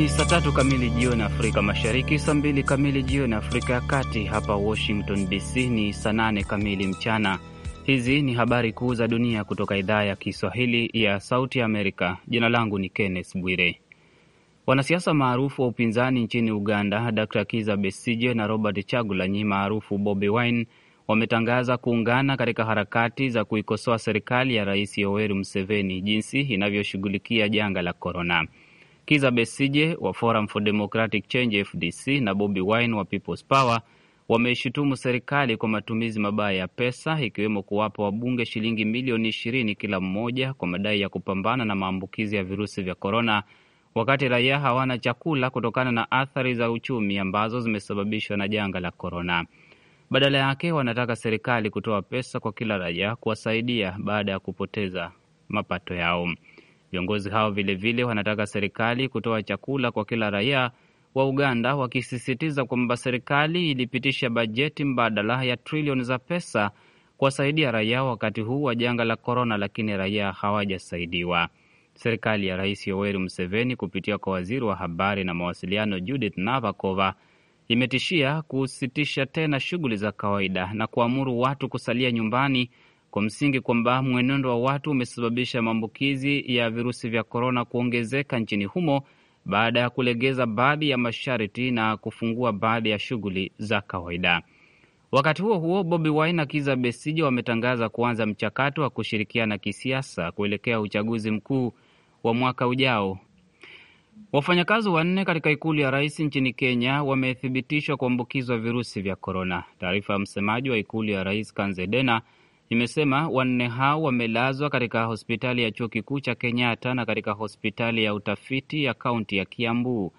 Ni saa tatu kamili jioni Afrika Mashariki, saa mbili kamili jioni Afrika ya Kati. Hapa Washington DC ni saa nane kamili mchana. Hizi ni habari kuu za dunia kutoka idhaa ya Kiswahili ya Sauti Amerika. Jina langu ni Kenneth Bwire. Wanasiasa maarufu wa upinzani nchini Uganda, Dr Kiza Besije na Robert Chagulanyi maarufu Bobi Wine wametangaza kuungana katika harakati za kuikosoa serikali ya Rais Yoweri Museveni jinsi inavyoshughulikia janga la korona. Kiza Besije wa Forum for Democratic Change FDC na Bobi Wine wa People's Power wameishutumu serikali kwa matumizi mabaya ya pesa ikiwemo kuwapa wabunge shilingi milioni ishirini kila mmoja kwa madai ya kupambana na maambukizi ya virusi vya korona, wakati raia hawana chakula kutokana na athari za uchumi ambazo zimesababishwa na janga la korona. Badala yake wanataka serikali kutoa pesa kwa kila raia kuwasaidia baada ya kupoteza mapato yao. Viongozi hao vilevile wanataka serikali kutoa chakula kwa kila raia wa Uganda, wakisisitiza kwamba serikali ilipitisha bajeti mbadala ya trilioni za pesa kuwasaidia raia wakati huu wa janga la korona, lakini raia hawajasaidiwa. Serikali ya Rais Yoweri Museveni kupitia kwa waziri wa habari na mawasiliano Judith Navakova imetishia kusitisha tena shughuli za kawaida na kuamuru watu kusalia nyumbani kwa msingi kwamba mwenendo wa watu umesababisha maambukizi ya virusi vya korona kuongezeka nchini humo baada ya kulegeza baadhi ya masharti na kufungua baadhi ya shughuli za kawaida. Wakati huo huo, Bobi Wine na Kiza Besija wametangaza kuanza mchakato wa kushirikiana kisiasa kuelekea uchaguzi mkuu wa mwaka ujao. Wafanyakazi wanne katika ikulu ya rais nchini Kenya wamethibitishwa kuambukizwa virusi vya korona. Taarifa ya msemaji wa ikulu ya rais Kanzedena imesema wanne hao wamelazwa katika hospitali ya chuo kikuu cha Kenyatta na katika hospitali ya utafiti ya kaunti ya Kiambu.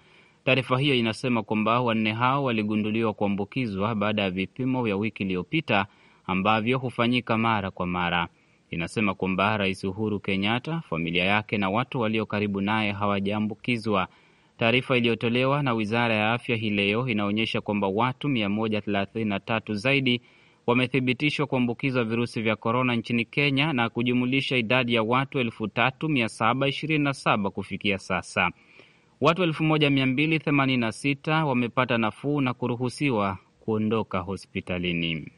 Taarifa hiyo inasema kwamba wanne hao waligunduliwa kuambukizwa baada ya vipimo vya wiki iliyopita ambavyo hufanyika mara kwa mara. Inasema kwamba Rais Uhuru Kenyatta, familia yake na watu walio karibu naye hawajaambukizwa. Taarifa iliyotolewa na wizara ya afya hii leo inaonyesha kwamba watu 133 zaidi wamethibitishwa kuambukizwa virusi vya korona nchini Kenya na kujumulisha idadi ya watu 3727 kufikia sasa. Watu 1286 wamepata nafuu na kuruhusiwa kuondoka hospitalini.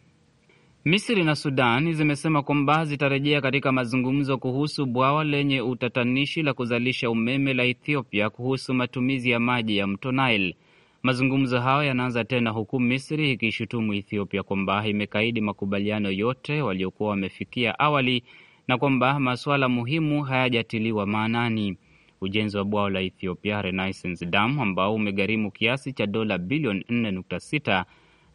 Misri na Sudan zimesema kwamba zitarejea katika mazungumzo kuhusu bwawa lenye utatanishi la kuzalisha umeme la Ethiopia kuhusu matumizi ya maji ya mto Nile. Mazungumzo hayo yanaanza tena huku Misri ikishutumu Ethiopia kwamba imekaidi makubaliano yote waliokuwa wamefikia awali na kwamba masuala muhimu hayajatiliwa maanani. Ujenzi wa bwawa la Ethiopia Renaissance Dam ambao umegharimu kiasi cha dola bilioni 4.6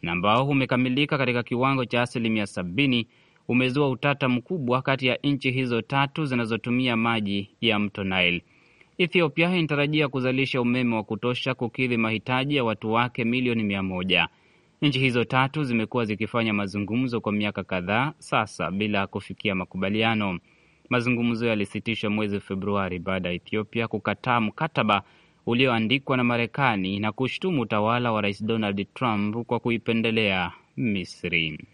na ambao umekamilika katika kiwango cha asilimia 70 umezua utata mkubwa kati ya nchi hizo tatu zinazotumia maji ya mto Nile. Ethiopia inatarajia kuzalisha umeme wa kutosha kukidhi mahitaji ya watu wake milioni mia moja. Nchi hizo tatu zimekuwa zikifanya mazungumzo kwa miaka kadhaa sasa bila kufikia makubaliano. Mazungumzo yalisitishwa mwezi Februari baada ya Ethiopia kukataa mkataba ulioandikwa na Marekani na kushtumu utawala wa Rais Donald Trump kwa kuipendelea Misri.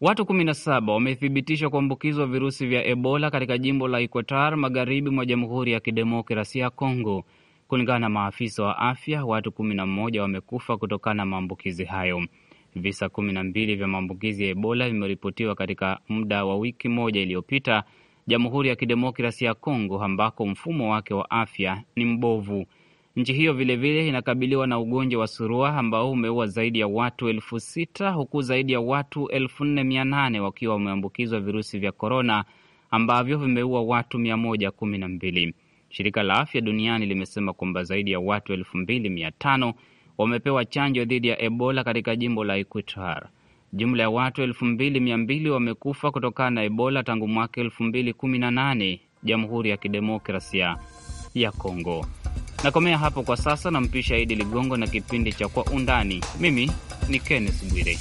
Watu 17 wamethibitishwa kuambukizwa virusi vya Ebola katika jimbo la Equatar magharibi mwa Jamhuri ya Kidemokrasia ya Kongo. Kulingana na maafisa wa afya, watu 11 wamekufa kutokana na maambukizi hayo. Visa 12 vya maambukizi ya Ebola vimeripotiwa katika muda wa wiki moja iliyopita Jamhuri ya Kidemokrasia ya Kongo ambako mfumo wake wa afya ni mbovu. Nchi hiyo vilevile inakabiliwa na ugonjwa wa surua ambao umeua zaidi ya watu elfu sita huku zaidi ya watu elfu nne mia nane wakiwa wameambukizwa virusi vya korona ambavyo vimeua watu mia moja kumi na mbili. Shirika la Afya Duniani limesema kwamba zaidi ya watu elfu mbili mia tano wamepewa chanjo dhidi ya Ebola katika jimbo la Equator. Jumla ya watu elfu mbili mia mbili wamekufa kutokana na Ebola tangu mwaka elfu mbili kumi na nane Jamhuri ya Kidemokrasia ya Kongo. Nakomea hapo kwa sasa, nampisha Idi Ligongo na kipindi cha Kwa Undani. Mimi ni Kenneth Bwire.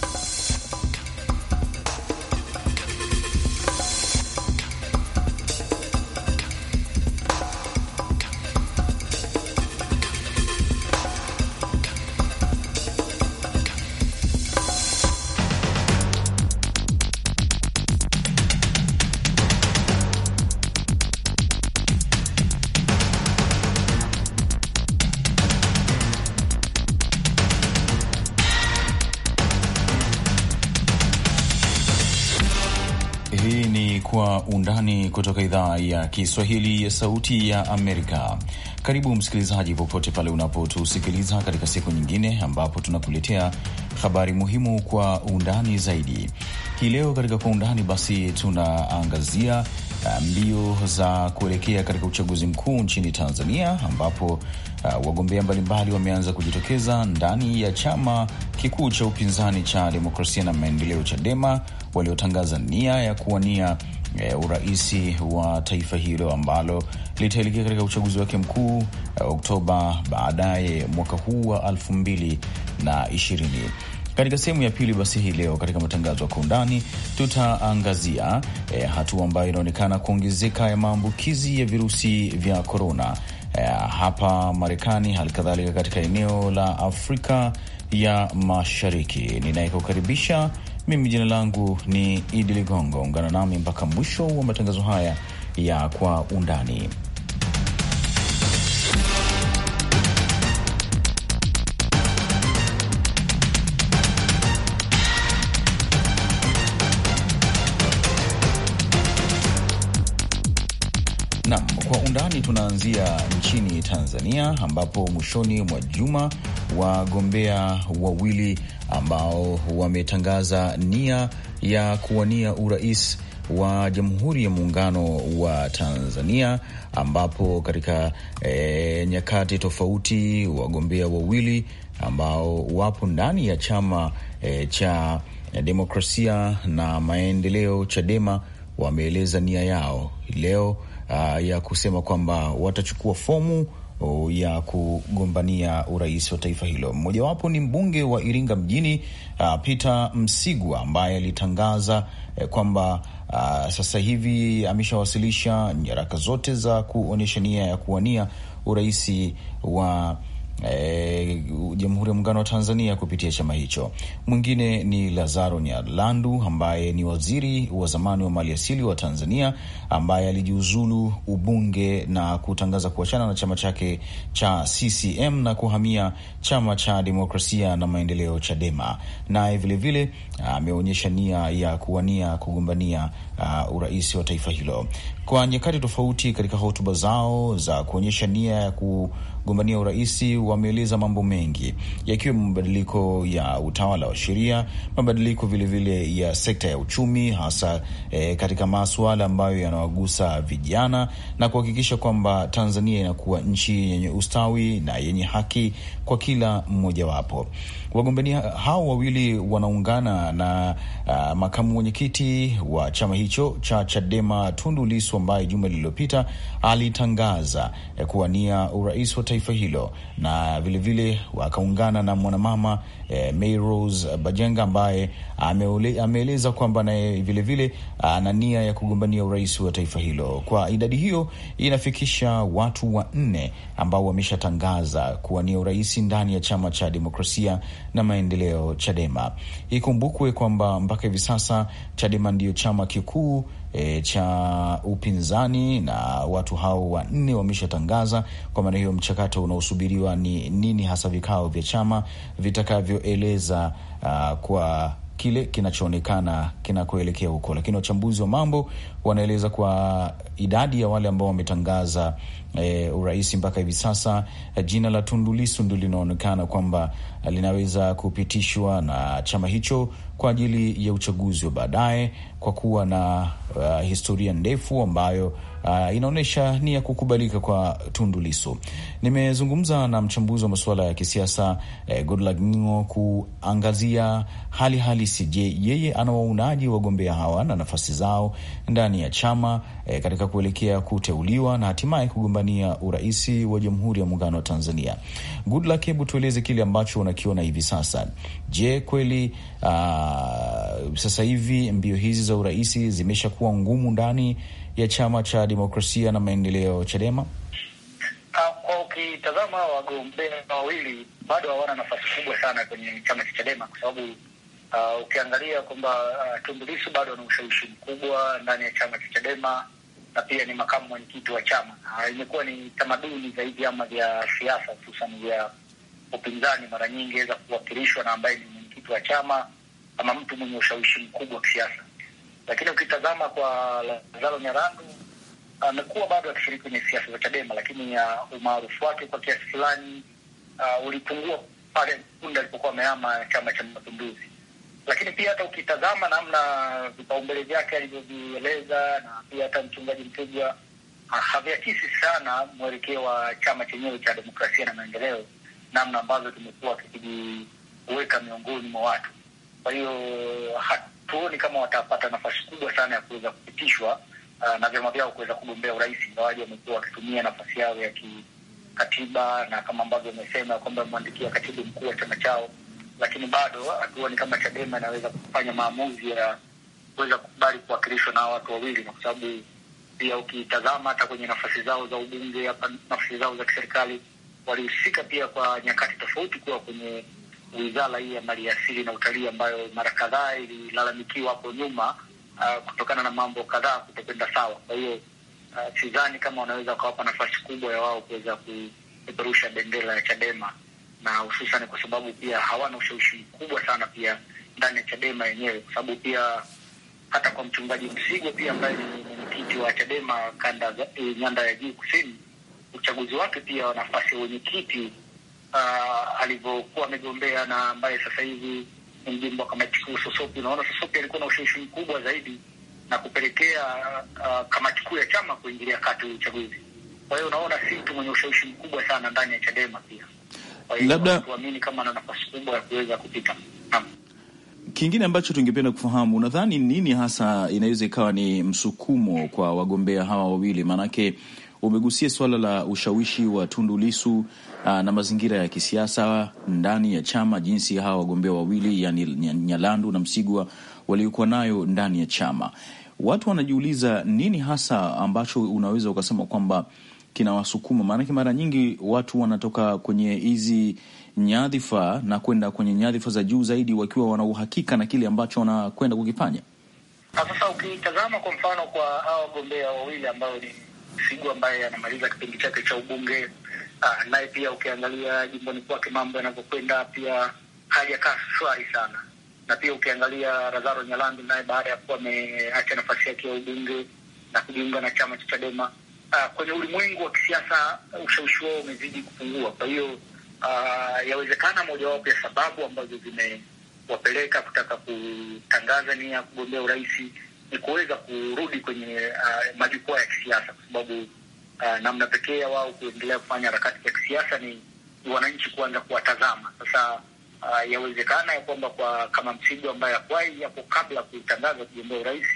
ya Kiswahili ya Sauti ya Amerika. Karibu msikilizaji, popote pale unapotusikiliza katika siku nyingine ambapo tunakuletea habari muhimu kwa undani zaidi. Hii leo katika kwa undani, basi tunaangazia eh, mbio za kuelekea katika uchaguzi mkuu nchini Tanzania ambapo uh, wagombea mbalimbali wameanza kujitokeza ndani ya chama kikuu cha upinzani cha Demokrasia na Maendeleo, Chadema, waliotangaza nia ya kuwania e, uraisi wa taifa hilo ambalo litaelekea katika uchaguzi wake mkuu e, Oktoba baadaye mwaka huu wa elfu mbili na ishirini. Katika sehemu ya pili basi, hii leo katika matangazo ya kwa undani tutaangazia e, hatua ambayo inaonekana kuongezeka ya maambukizi ya virusi vya korona e, hapa Marekani, hali kadhalika katika eneo la Afrika ya Mashariki. Ninayekukaribisha mimi jina langu ni Idi Ligongo, ungana nami mpaka mwisho wa matangazo haya ya Kwa Undani. Nam, kwa undani tunaanzia nchini Tanzania ambapo mwishoni mwa juma wagombea wawili ambao wametangaza nia ya kuwania urais wa Jamhuri ya Muungano wa Tanzania, ambapo katika e, nyakati tofauti wagombea wawili ambao wapo ndani ya chama e, cha demokrasia na maendeleo Chadema wameeleza nia yao leo a, ah, ya kusema kwamba watachukua fomu ya kugombania urais wa taifa hilo. Mmojawapo ni mbunge wa Iringa mjini uh, Peter Msigwa ambaye alitangaza eh, kwamba uh, sasa hivi ameshawasilisha nyaraka zote za kuonyesha nia ya kuwania urahisi wa E, Jamhuri ya Muungano wa Tanzania kupitia chama hicho. Mwingine ni Lazaro Nyalandu ambaye ni waziri wa zamani wa maliasili wa Tanzania ambaye alijiuzulu ubunge na kutangaza kuachana na chama chake cha CCM na kuhamia chama cha demokrasia na maendeleo Chadema. Naye vilevile ameonyesha nia ya kuwania kugombania uh, urais wa taifa hilo kwa nyakati tofauti katika hotuba zao za kuonyesha nia ya ku mgombania urais wameeleza mambo mengi yakiwemo mabadiliko ya utawala wa sheria, mabadiliko vilevile vile ya sekta ya uchumi, hasa e, katika masuala ambayo yanawagusa vijana na kuhakikisha kwamba Tanzania inakuwa nchi yenye ustawi na yenye haki kwa kila mmojawapo. Wagombania hao wawili wanaungana na uh, makamu mwenyekiti wa chama hicho cha Chadema Tundu Lisu ambaye juma lililopita alitangaza eh, kuwania urais wa taifa hilo na vilevile wakaungana na mwanamama eh, Mayrose Bajenga ambaye ameeleza kwamba naye vilevile ana nia ya kugombania urais wa taifa hilo. Kwa idadi hiyo inafikisha watu wanne ambao wameshatangaza kuwania urais ndani ya chama cha demokrasia na maendeleo Chadema. Ikumbukwe kwamba mpaka hivi sasa Chadema ndiyo chama kikuu E, cha upinzani na watu hao wanne wameshatangaza. Kwa maana hiyo, mchakato unaosubiriwa ni nini hasa, vikao vya chama vitakavyoeleza uh, kwa kile kinachoonekana kinakoelekea huko, lakini wachambuzi wa mambo wanaeleza kwa idadi ya wale ambao wametangaza eh, urais mpaka hivi sasa eh, jina la Tundu Lissu ndo linaonekana kwamba linaweza kupitishwa na chama hicho kwa ajili ya uchaguzi wa baadaye kwa kuwa na uh, historia ndefu ambayo uh, inaonyesha ni ya kukubalika kwa Tundu Lissu. Nimezungumza na mchambuzi wa masuala ya kisiasa eh, Goodluck Ngingo kuangazia hali halisi. Je, yeye anawaunaji wagombea hawa na nafasi zao ndani ya chama eh, katika kuelekea kuteuliwa na hatimaye kugombania uraisi wa Jamhuri ya Muungano wa Tanzania. Goodluck, hebu tueleze kile ambacho unakiona hivi sasa. Je, kweli uh, sasa hivi mbio hizi za urais zimeshakuwa ngumu ndani ya chama cha demokrasia na maendeleo Chadema? Ah, kwa ukitazama wagombea wawili bado hawana nafasi kubwa sana kwenye chama cha Chadema kwa sababu uh, ukiangalia kwamba uh, Tundu Lissu bado ana ushawishi mkubwa ndani ya chama cha Chadema na pia ni makamu mwenyekiti wa chama. Uh, imekuwa ni tamaduni zaidi vyama vya siasa hususan vya upinzani mara nyingi aweza kuwakilishwa na ambaye ni mwenyekiti wa chama ama mtu mwenye ushawishi mkubwa wa kisiasa. Lakini ukitazama kwa Lazaro Nyarando, amekuwa bado akishiriki kwenye siasa za Chadema, lakini uh, umaarufu wake kwa kiasi fulani uh, ulipungua pale punde alipokuwa ameama Chama cha Mapinduzi. Lakini pia hata ukitazama namna vipaumbele vyake alivyovieleza na pia hata mchungaji Mtibwa uh, haviakisi sana mwelekeo wa chama chenyewe cha demokrasia na maendeleo namna ambavyo tumekuwa tukijiweka miongoni mwa watu. Kwa hiyo hatuoni kama watapata nafasi kubwa sana ya kuweza kupitishwa uh, na vyama vyao kuweza kugombea urais, ingawaji wamekuwa wakitumia nafasi yao ya kikatiba na kama ambavyo wamesema kwamba wamemwandikia katibu mkuu wa chama chao, lakini bado hatuoni kama Chadema inaweza kufanya maamuzi ya kuweza kukubali kuwakilishwa na watu wawili, na kwa sababu pia ukitazama hata kwenye nafasi zao za ubunge hapa, nafasi zao za kiserikali walihusika pia kwa nyakati tofauti kuwa kwenye wizara hii ya mali asili na utalii ambayo mara kadhaa ililalamikiwa hapo nyuma, uh, kutokana na mambo kadhaa kutokwenda sawa. Kwa hiyo uh, sidhani kama wanaweza wakawapa nafasi kubwa ya wao kuweza kupeperusha bendera ya Chadema na hususan kwa sababu pia hawana ushawishi mkubwa sana pia ndani ya Chadema yenyewe, kwa sababu pia hata kwa mchungaji Msigo pia ambaye ni mwenyekiti wa Chadema kanda eh, nyanda ya juu kusini uchaguzi wake pia wa nafasi ya wenyekiti uh, ah, alivyokuwa amegombea na ambaye sasa hivi ni mjumbe wa kamati kuu Sosopi. Unaona, Sosopi alikuwa na ushawishi mkubwa zaidi na kupelekea uh, kamati kuu ya chama kuingilia kati uchaguzi. Kwa hiyo unaona, si mtu mwenye ushawishi mkubwa sana ndani ya Chadema pia, kwa hiyo tuamini kama ana nafasi kubwa ya kuweza kupita. Kingine ambacho tungependa kufahamu, unadhani nini hasa inaweza ikawa ni msukumo kwa wagombea hawa wawili? Maanake umegusia swala la ushawishi wa Tundu Lisu aa, ah, na mazingira ya kisiasa ndani ya chama, jinsi hawa wagombea wawili yani Nyalandu na Msigwa waliokuwa nayo ndani ya chama. Watu wanajiuliza nini hasa ambacho unaweza ukasema kwamba kinawasukuma, maanake mara nyingi watu wanatoka kwenye hizi nyadhifa na kwenda kwenye nyadhifa za juu zaidi wakiwa wana uhakika na kile ambacho wanakwenda kukifanya. Ah, sasa ukitazama kwa mfano kwa hawa wagombea wawili ambao ni Msigwa ambaye anamaliza kipindi chake cha ubunge. Uh, naye pia ukiangalia jimboni kwake mambo yanavyokwenda pia hajakaa shwari sana, na pia ukiangalia Lazaro Nyalandu naye baada ya kuwa ameacha nafasi yake ya ubunge na kujiunga na chama cha Chadema, uh, kwenye ulimwengu wa kisiasa ushawishi wao umezidi kupungua. Kwa hiyo uh, yawezekana mojawapo ya sababu ambazo zimewapeleka kutaka kutangaza nia ya kugombea urais ni kuweza kurudi kwenye uh, majukwaa ya kisiasa, kwa sababu uh, namna pekee ya wao kuendelea kufanya harakati za kisiasa ni, ni wananchi kuanza kuwatazama sasa. Uh, yawezekana ya kwamba kwa kama Msigwa ambaye akwai yapo kabla kuitangaza kugombea urais,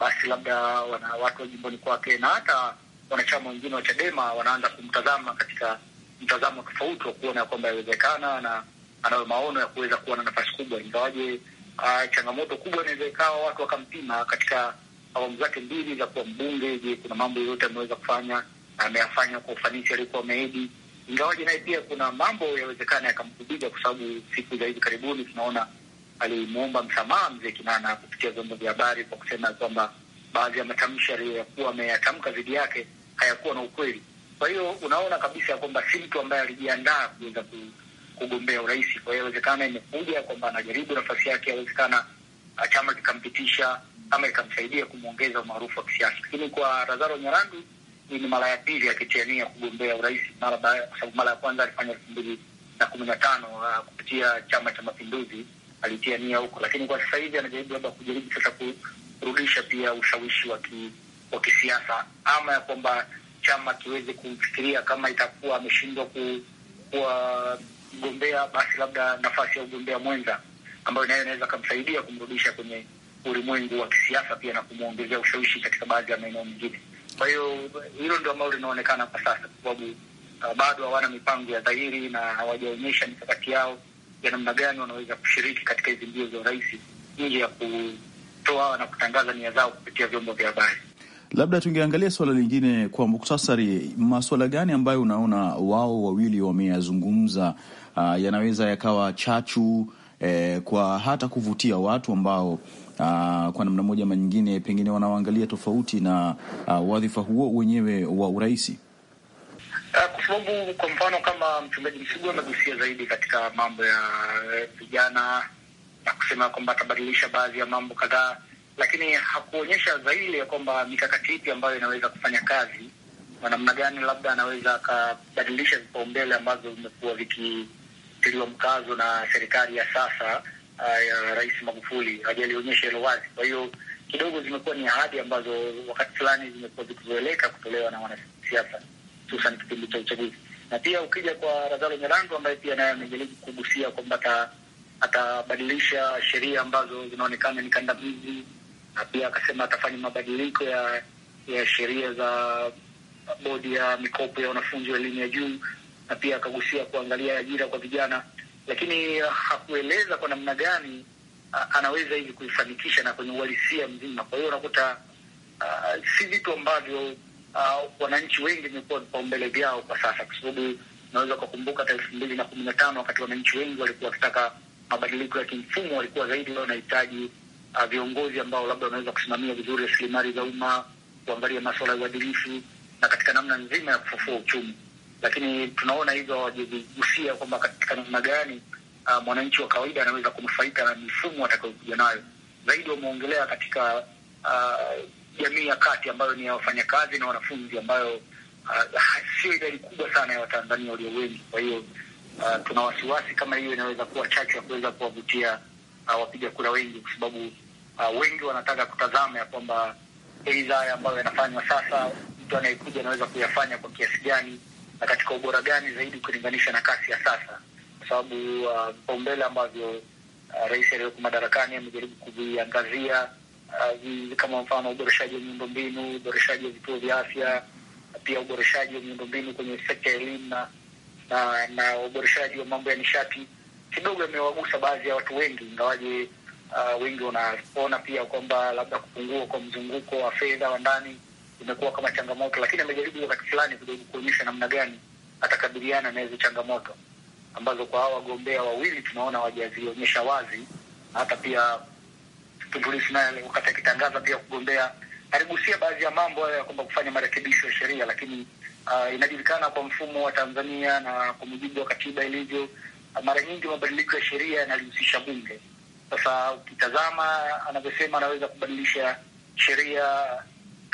basi labda wana watu wa jimboni kwake na hata wanachama wengine wa Chadema wanaanza kumtazama katika mtazamo tofauti wa kuona ya kwamba yawezekana na anayo maono ya kuweza kuwa na nafasi kubwa, ingawaje uh, changamoto kubwa inaweza ikawa watu wakampima katika awamu zake mbili za kuwa mbunge. Je, kuna mambo yoyote ameweza kufanya, ameyafanya kwa ufanisi aliokuwa ameahidi? Ingawaje naye pia kuna mambo yawezekana yakamkubida, kwa sababu siku za hivi karibuni tunaona alimwomba msamaha mzee Kinana kupitia vyombo vya habari kwa kusema kwamba baadhi ya matamshi aliyokuwa ameyatamka dhidi yake hayakuwa na ukweli. Kwa hiyo unaona kabisa kwamba si mtu ambaye alijiandaa kuweza kugombea urais. Kwa hiyo inawezekana imekuja kwamba anajaribu nafasi yake, inawezekana chama kikampitisha ama ikamsaidia kumwongeza umaarufu wa kisiasa. Lakini kwa Lazaro Nyarandu hii ni mara ya pili akitiania kugombea urais, kwa sababu mara ya kwanza alifanya elfu mbili na kumi na tano uh, kupitia Chama cha Mapinduzi alitiania huko, lakini kwa sasa hivi anajaribu labda kujaribu sasa kurudisha pia ushawishi wa ki, wa kisiasa ama ya kwamba chama kiweze kumfikiria kama itakuwa ameshindwa ku, kuwa mgombea, basi labda nafasi ya ugombea mwenza ambayo nayo inaweza kumsaidia kumrudisha kwenye ulimwengu wa kisiasa pia na kumwongezea ushawishi katika baadhi ya maeneo mengine. Kwa hiyo hilo ndio ambalo linaonekana kwa sasa, kwa sababu uh, bado hawana mipango ya dhahiri na hawajaonyesha mikakati yao ya namna gani wanaweza kushiriki katika hizi mbio za urais nje ya kutoa na kutangaza nia zao kupitia vyombo vya habari. Labda tungeangalia suala lingine kwa muktasari, maswala gani ambayo unaona wao wawili wameyazungumza uh, yanaweza yakawa chachu eh, kwa hata kuvutia watu ambao uh, kwa namna moja ama nyingine pengine wanaoangalia tofauti na uh, wadhifa huo wenyewe wa urais. Uh, kwa sababu kwa mfano kama mchungaji Msigwa amegusia zaidi katika mambo ya eh, vijana na kusema kwamba atabadilisha baadhi ya mambo kadhaa, lakini hakuonyesha zaidi ya kwamba mikakati ipi ambayo inaweza kufanya kazi kwa namna gani, labda anaweza akabadilisha vipaumbele ambavyo vimekuwa viki kutiliwa mkazo na serikali ya sasa ah, ya Rais Magufuli hajalionyesha hilo wazi. Kwa hiyo kidogo zimekuwa ni ahadi ambazo wakati fulani zimekuwa zikizoeleka kutolewa na wanasiasa, hususan kipindi cha uchaguzi. Na pia ukija kwa Razalo Nyarango ambaye pia naye amejaribu kugusia kwamba atabadilisha sheria ambazo zinaonekana ni kandamizi, na pia akasema atafanya mabadiliko ya ya sheria za bodi ya mikopo ya wanafunzi wa elimu ya juu na pia akagusia kuangalia ajira kwa vijana, lakini uh, hakueleza kwa namna gani uh, anaweza hivi kuifanikisha na kwenye uhalisia mzima. Kwa hiyo unakuta uh, si vitu ambavyo uh, wananchi wengi imekuwa vipaumbele vyao kwa sasa, kwa sababu unaweza ukakumbuka hata elfu mbili na kumi na tano wakati wananchi wengi walikuwa wakitaka mabadiliko ya kimfumo, walikuwa zaidi wanahitaji uh, viongozi ambao labda wanaweza kusimamia vizuri rasilimali za umma, kuangalia masuala ya uadilifu na katika namna nzima ya kufufua uchumi lakini tunaona hivyo hawajajigusia kwamba katika namna gani uh, mwananchi wa kawaida anaweza kunufaika na mifumo atakayokuja nayo. Zaidi wameongelea katika ah, jamii uh, ya kati ambayo ni ya wafanyakazi na wanafunzi, ambayo uh, sio idadi kubwa sana ya Watanzania walio wengi. Kwa hiyo uh, tuna wasiwasi kama hiyo inaweza kuwa chachu ya kuweza kuwavutia uh, wapiga kura wengi, kwa sababu uh, wengi wanataka kutazama ya kwamba aidha ambayo yanafanywa sasa, mtu anayekuja anaweza kuyafanya kwa kiasi gani na katika ubora gani zaidi ukilinganisha na kasi ya sasa, kwa sababu uh, vipaumbele uh, ambavyo uh, rais aliyoko madarakani amejaribu kuviangazia uh, kama mfano uboreshaji wa miundombinu, uboreshaji wa vituo vya afya, pia uboreshaji wa miundombinu kwenye sekta ya elimu na na, na uboreshaji wa mambo ya nishati kidogo yamewagusa baadhi ya watu wengi, ingawaje uh, wengi wanaona pia kwamba labda kupungua kwa mzunguko wa fedha wa ndani imekuwa kama changamoto, lakini amejaribu wakati fulani kidogo kuonyesha namna gani atakabiliana na hizo changamoto ambazo kwa hawa wagombea wawili tunaona wajazionyesha wazi. Hata pia Tundu Lissu naye wakati akitangaza pia kugombea aligusia baadhi ya mambo hayo ya kwamba kufanya marekebisho ya sheria, lakini uh, inajulikana kwa mfumo wa Tanzania na kwa mujibu wa katiba ilivyo, uh, mara nyingi mabadiliko ya sheria yanalihusisha bunge. Sasa ukitazama anavyosema anaweza kubadilisha sheria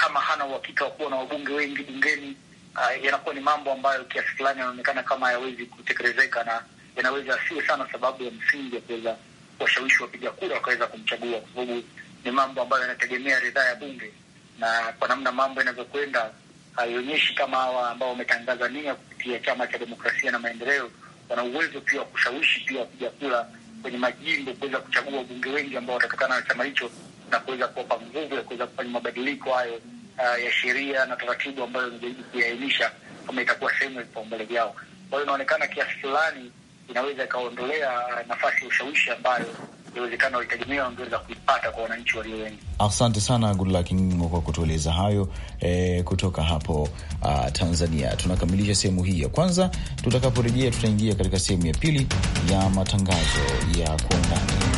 kama hana uhakika wa kuwa na wabunge wengi bungeni, uh, yanakuwa ni mambo ambayo kiasi fulani yanaonekana kama hayawezi kutekelezeka na yanaweza asiwe sana sababu ya msingi ya kuweza kuwashawishi wapiga kura wakaweza kumchagua, kwa sababu ni mambo ambayo yanategemea ridhaa ya bunge, na kwa namna mambo yanavyokwenda haionyeshi kama hawa ambao wametangaza nia kupitia Chama cha Demokrasia na Maendeleo wana uwezo pia wa kushawishi pia wapiga kura kwenye majimbo kuweza kuchagua wabunge wengi ambao watatokana na chama hicho na kuweza kuwapa nguvu ya kuweza kufanya mabadiliko hayo uh, ya sheria na taratibu ambayo imejaribu kuiainisha kama itakuwa sehemu ya vipaumbele vyao. Kwa hiyo inaonekana kiasi fulani inaweza ikaondolea uh, nafasi ya ushawishi ambayo inawezekana walitegemea wangeweza kuipata kwa wananchi walio wengi. Asante sana Goodluck Ngingo kwa kutueleza hayo e, kutoka hapo a, uh, Tanzania. Tunakamilisha sehemu hii ya kwanza. Tutakaporejea tutaingia katika sehemu ya pili ya matangazo ya kwa undani.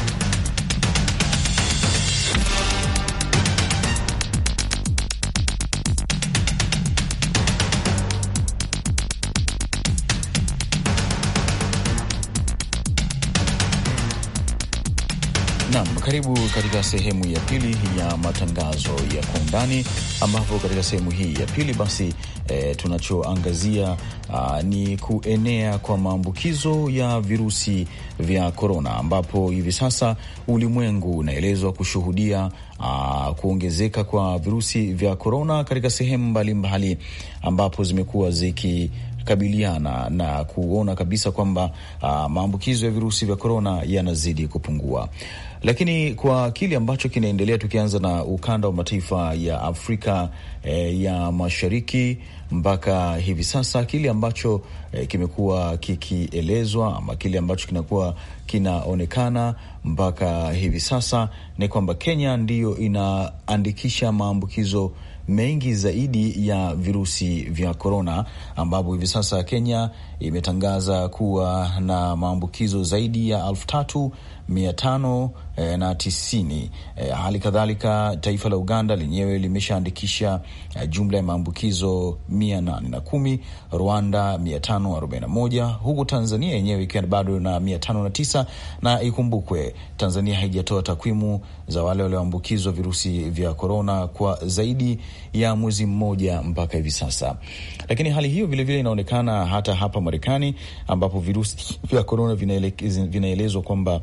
Karibu katika sehemu ya pili ya matangazo ya kwa undani, ambapo katika sehemu hii ya pili basi e, tunachoangazia ah, ni kuenea kwa maambukizo ya virusi vya korona, ambapo hivi sasa ulimwengu unaelezwa kushuhudia a, ah, kuongezeka kwa virusi vya korona katika sehemu mbalimbali ambapo zimekuwa ziki kukabiliana na kuona kabisa kwamba uh, maambukizo ya virusi vya korona yanazidi kupungua. Lakini kwa kile ambacho kinaendelea, tukianza na ukanda wa mataifa ya Afrika eh, ya Mashariki mpaka hivi sasa, kile ambacho eh, kimekuwa kikielezwa ama kile ambacho kinakuwa kinaonekana mpaka hivi sasa ni kwamba Kenya ndiyo inaandikisha maambukizo mengi zaidi ya virusi vya korona, ambapo hivi sasa Kenya imetangaza kuwa na maambukizo zaidi ya elfu tatu mia tano eh, na tisini. E, hali kadhalika taifa la Uganda lenyewe limeshaandikisha eh, jumla ya maambukizo mia nane na kumi, Rwanda mia tano arobaini na moja, huku Tanzania yenyewe ikiwa bado na mia tano na tisa. Na ikumbukwe Tanzania haijatoa takwimu za wale walioambukizwa virusi vya korona kwa zaidi ya mwezi mmoja mpaka hivi sasa, lakini hali hiyo vilevile inaonekana hata hapa Marekani ambapo virusi vya korona vinaelezwa kwamba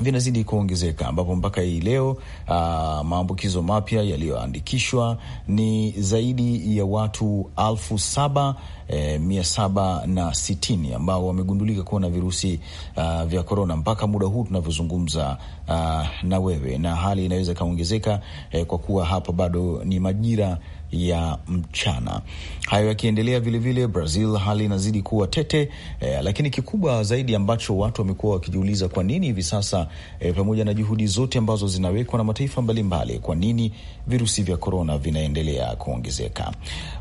vinazidi kuongezeka ambapo mpaka hii leo ah, maambukizo mapya yaliyoandikishwa ni zaidi ya watu alfu saba e, mia saba na sitini ambao wamegundulika kuwa na virusi aa, ah, vya korona mpaka muda huu tunavyozungumza ah, na wewe, na hali inaweza ikaongezeka e, kwa kuwa hapa bado ni majira ya mchana. Hayo yakiendelea, vilevile Brazil hali inazidi kuwa tete eh, lakini kikubwa zaidi ambacho watu wamekuwa wakijiuliza kwa nini hivi sasa eh, pamoja na juhudi zote ambazo zinawekwa na mataifa mbalimbali kwa nini virusi vya korona vinaendelea kuongezeka?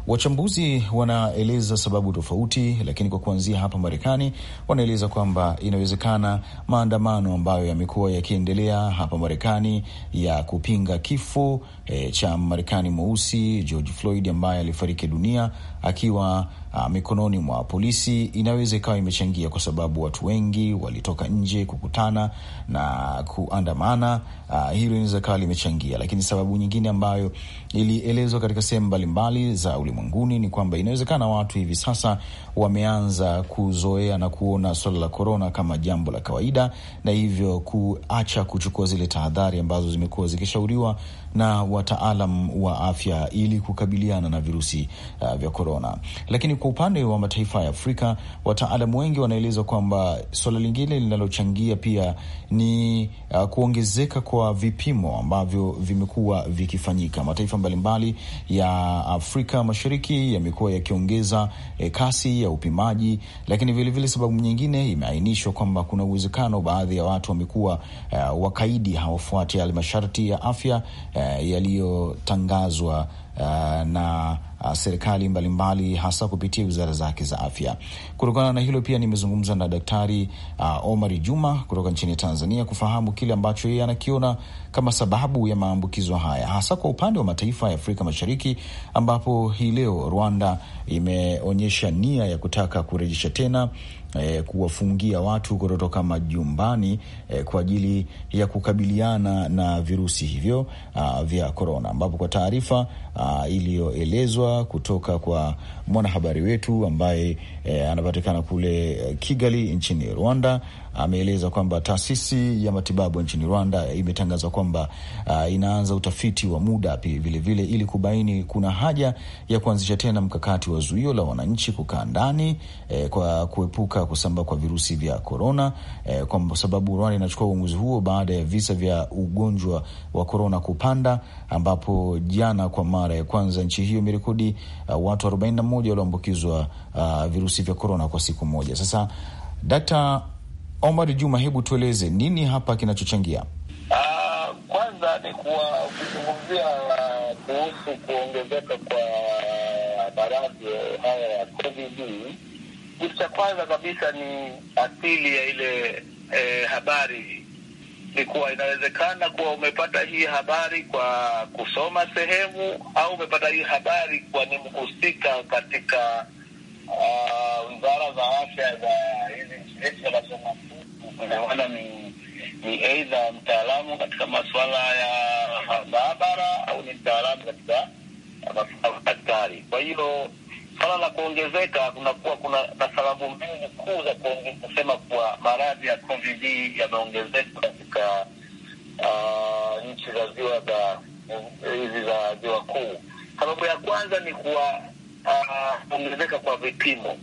Wachambuzi wanaeleza sababu tofauti, lakini kwa kuanzia hapa Marekani wanaeleza kwamba inawezekana maandamano ambayo yamekuwa yakiendelea hapa Marekani ya kupinga kifo e, cha Marekani mweusi George Floyd ambaye alifariki dunia akiwa uh, mikononi mwa polisi inaweza ikawa imechangia, kwa sababu watu wengi walitoka nje kukutana na kuandamana. Uh, hilo inaweza ikawa limechangia, lakini sababu nyingine ambayo ilielezwa katika sehemu mbalimbali za ulimwenguni ni kwamba inawezekana watu hivi sasa wameanza kuzoea na kuona swala la korona kama jambo la kawaida, na hivyo kuacha kuchukua zile tahadhari ambazo zimekuwa zikishauriwa na wataalam wa afya ili kukabiliana na virusi uh, vya korona. Lakini kwa upande wa mataifa ya Afrika, wataalam wengi wanaeleza kwamba suala lingine linalochangia pia ni uh, kuongezeka kwa vipimo ambavyo vimekuwa vikifanyika. Mataifa mbalimbali ya Afrika Mashariki yamekuwa yakiongeza eh, kasi ya upimaji, lakini vilevile vile sababu nyingine imeainishwa kwamba kuna uwezekano baadhi ya watu wamekuwa uh, wakaidi, hawafuati halmasharti ya afya uh, Eh, yaliyotangazwa uh, na uh, serikali mbalimbali mbali, hasa kupitia wizara zake za afya. Kutokana na hilo pia nimezungumza na Daktari uh, Omari Juma kutoka nchini Tanzania kufahamu kile ambacho yeye anakiona kama sababu ya maambukizo haya hasa kwa upande wa mataifa ya Afrika Mashariki ambapo hii leo Rwanda imeonyesha nia ya kutaka kurejesha tena E, kuwafungia watu kutotoka majumbani e, kwa ajili ya kukabiliana na virusi hivyo a, uh, vya korona, ambapo kwa taarifa uh, iliyoelezwa kutoka kwa mwanahabari wetu ambaye eh, anapatikana kule eh, Kigali nchini Rwanda ameeleza kwamba taasisi ya matibabu nchini Rwanda eh, imetangaza kwamba uh, inaanza utafiti wa muda vilevile, ili kubaini kuna haja ya kuanzisha tena mkakati wa zuio la wananchi kukaa ndani eh, kwa kuepuka kusambaa kwa virusi vya korona eh, kwa sababu Rwanda inachukua uamuzi huo baada ya visa vya ugonjwa wa korona kupanda, ambapo jana kwa mara ya kwanza nchi hiyo imerekodi uh, watu 41 walioambukizwa uh, virusi vya korona kwa siku moja. Sasa Dkt. Omar Juma, hebu tueleze nini hapa kinachochangia? Uh, kwanza ni kuwa kuzungumzia uh, kuhusu kuongezeka kwa maradhi haya ya COVID. Kitu cha kwanza kabisa ni asili ya ile eh, habari ni kuwa inawezekana kuwa umepata hii habari kwa kusoma sehemu au umepata hii habari kwa ni mhusika katika Ah, wizara za afya za hizi nchi zetu wanasema kunaona ni ni aidha mtaalamu katika masuala ya maabara au ni mtaalamu katika daktari. Kwa hiyo swala la kuongezeka kunakuwa kuna na sababu mbili kuu za kusema kuwa maradhi ya COVID yameongezeka katika uh, nchi za ziwa za hizi za ziwa kuu. Sababu ya kwanza ni kuwa kuongezeka kwa vipimo,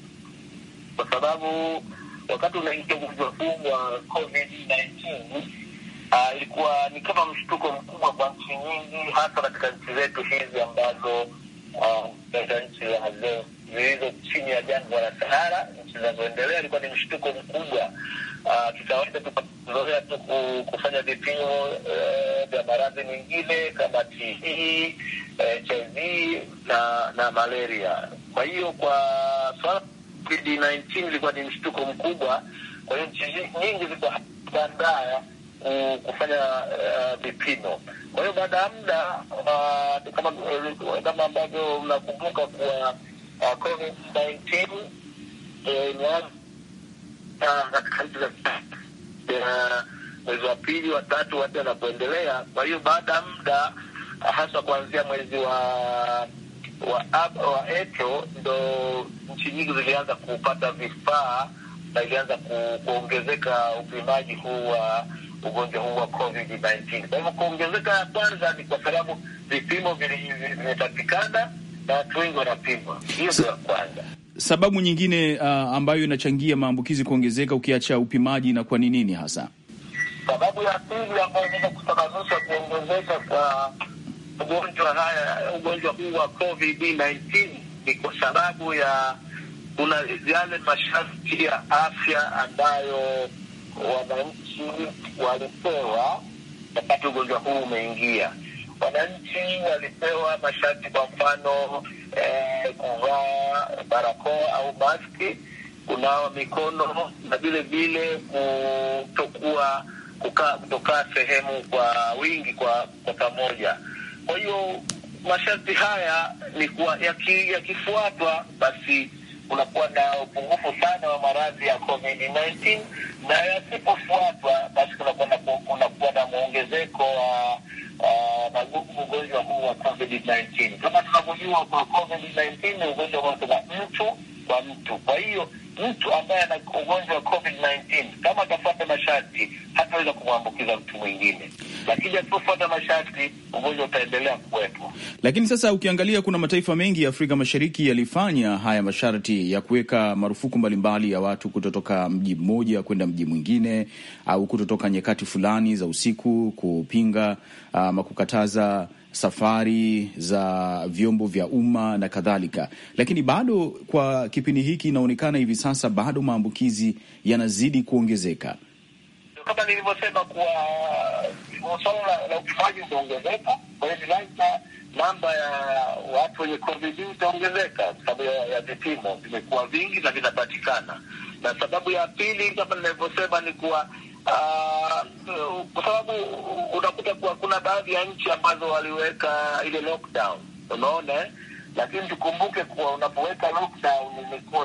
kwa sababu wakati unaingia ugonjwa huu wa COVID-19 uh, ah, ilikuwa ni kama mshtuko mkubwa kwa nchi nyingi, hasa katika nchi zetu hizi ambazo uh, katika nchi ya leo zilizo chini ya jangwa la Sahara, nchi zinazoendelea, ilikuwa ni mshtuko mkubwa. Ah, kikawaida tukazoea tu kufanya vipimo eh, vya maradhi mengine kama TB, HIV eh, na na malaria. Kwa hiyo kwa swala COVID-19 ilikuwa ni mshtuko mkubwa, kwa hiyo nchi nyingi zilikuwa bandaya kufanya eh, vipimo uh, kwa hiyo baada ya muda uh, kama ambavyo mnakumbuka kuwa Eh, mwezi wa pili, wa tatu, wa Kwa hiyo baada ya muda hasa kuanzia mwezi wa wa wa ndo nchi nyingi zilianza kupata vifaa na ilianza kuongezeka upimaji huu wa ugonjwa huu wa COVID 19. Kwa hivyo kuongezeka ya kwanza ni kwa sababu vipimo vimepatikana na watu wengi wanapimwa. Hiyo ndio ya kwanza. Sababu nyingine uh, ambayo inachangia maambukizi kuongezeka ukiacha upimaji na kwa ni nini hasa? Sababu ya pili ambayo inaweza kusababisha kuongezeka kwa ugonjwa haya ugonjwa huu wa COVID 19 ni kwa sababu ya kuna yale masharti ya afya ambayo wananchi walipewa wakati ugonjwa huu umeingia wananchi walipewa masharti, kwa mfano eh, kuvaa barakoa au maski, kunawa mikono na vile vile kutokuwa kukaa kutokaa sehemu kwa wingi kwa kwa pamoja. Kwa hiyo masharti haya ni kuwa yakifuatwa, basi kunakuwa na upungufu sana wa maradhi ya COVID-19, na yasipofuatwa basi kunakuwa na muongezeko wa na ah, ugonjwa huu wa COVID-19. Kama tunavyojua kwa COVID-19 ni ugonjwa ambao tuna mtu kwa mtu. Kwa hiyo mtu ambaye ana ugonjwa wa COVID-19 kama atafuata masharti hataweza kumwambukiza mtu mwingine lakini asipofuata masharti ugonjwa utaendelea kuwepo. Lakini sasa ukiangalia, kuna mataifa mengi ya Afrika Mashariki yalifanya haya masharti ya kuweka marufuku mbalimbali ya watu kutotoka mji mmoja kwenda mji mwingine au kutotoka nyakati fulani za usiku, kupinga ah, ama kukataza safari za vyombo vya umma na kadhalika, lakini bado kwa kipindi hiki inaonekana hivi sasa bado maambukizi yanazidi kuongezeka kama nilivyosema kuwa swala la, la upimaji umeongezeka. Kwa hiyo ni lazima namba ya watu wenye covid itaongezeka kwa sababu ya, ya vipimo vimekuwa vingi na vinapatikana. Na sababu ya pili kama ninavyosema ni kuwa ah, kwa sababu unakuta kuwa kuna baadhi ya nchi ambazo waliweka ile lockdown, unaona eh? lakini tukumbuke kuwa unapoweka lockdown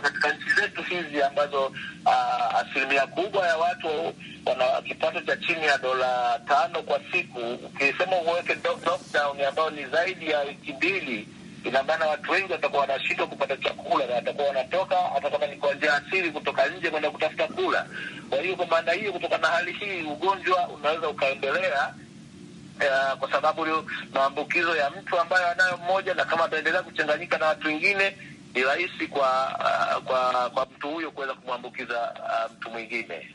katika nchi zetu hizi ambazo uh, asilimia kubwa ya watu wana kipato cha chini ya dola tano kwa siku. Ukisema uweke lockdown ambayo ni zaidi ya wiki mbili, ina maana watu wengi watakuwa wanashindwa kupata chakula na watakuwa wanatoka hata kama ni kwa njia asili, kutoka nje kwenda kutafuta kula. Kwa hiyo kwa maana hiyo, kutokana na hali hii, ugonjwa unaweza ukaendelea uh, kwa sababu maambukizo ya mtu ambayo anayo mmoja, na kama ataendelea kuchanganyika na watu wengine ni rahisi kwa, uh, kwa kwa mtu huyo kuweza kumwambukiza uh, mtu mwingine.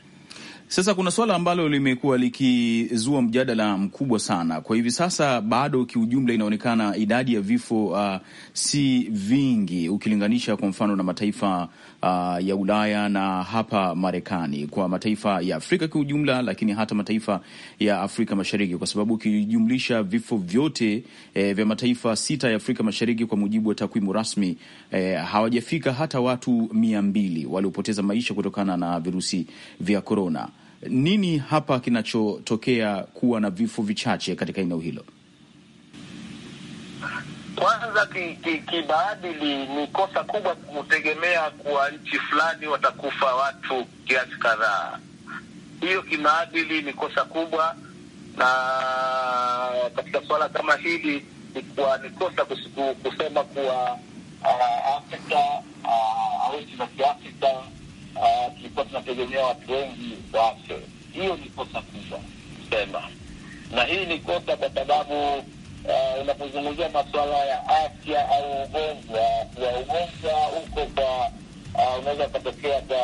Sasa kuna suala ambalo limekuwa likizua mjadala mkubwa sana kwa hivi sasa. Bado kiujumla, inaonekana idadi ya vifo uh, si vingi ukilinganisha kwa mfano na mataifa uh, ya Ulaya na hapa Marekani, kwa mataifa ya Afrika kiujumla, lakini hata mataifa ya Afrika Mashariki, kwa sababu ukijumlisha vifo vyote eh, vya mataifa sita ya Afrika Mashariki kwa mujibu wa takwimu rasmi eh, hawajafika hata watu mia mbili waliopoteza maisha kutokana na virusi vya korona. Nini hapa kinachotokea kuwa na vifo vichache katika eneo hilo? Kwanza kimaadili, ki, ni kosa kubwa kutegemea kuwa nchi fulani watakufa watu kiasi kadhaa. Hiyo kimaadili ni kosa kubwa, na katika suala kama hili ni kuwa ni kosa kusema kuwa uh, Afrika ah, au nchi za Kiafrika uh, tulikuwa tunategemea watu wengi wafe. Hiyo ni kosa kubwa kusema, na hii ni kosa kwa sababu uh, unapozungumzia masuala ya afya au ugonjwa wa ugonjwa huko kwa uh, unaweza ukatokea kwa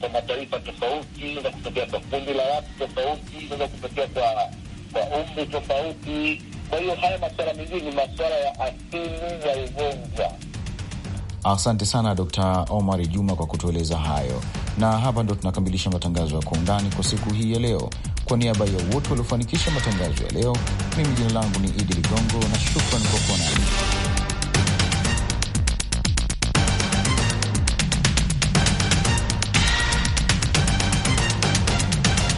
kwa mataifa tofauti, unaweza kutokea kwa kundi la watu tofauti, unaweza kutokea kwa kwa umri tofauti. Kwa hiyo haya masuala mengine ni masuala ya asili ya ugonjwa. Asante sana Dr. Omar Juma kwa kutueleza hayo, na hapa ndo tunakamilisha matangazo ya Kwa Undani kwa siku hii ya leo. Kwa niaba ya wote waliofanikisha matangazo ya leo, mimi jina langu ni Idi Ligongo na shukran kwa kuwa nami.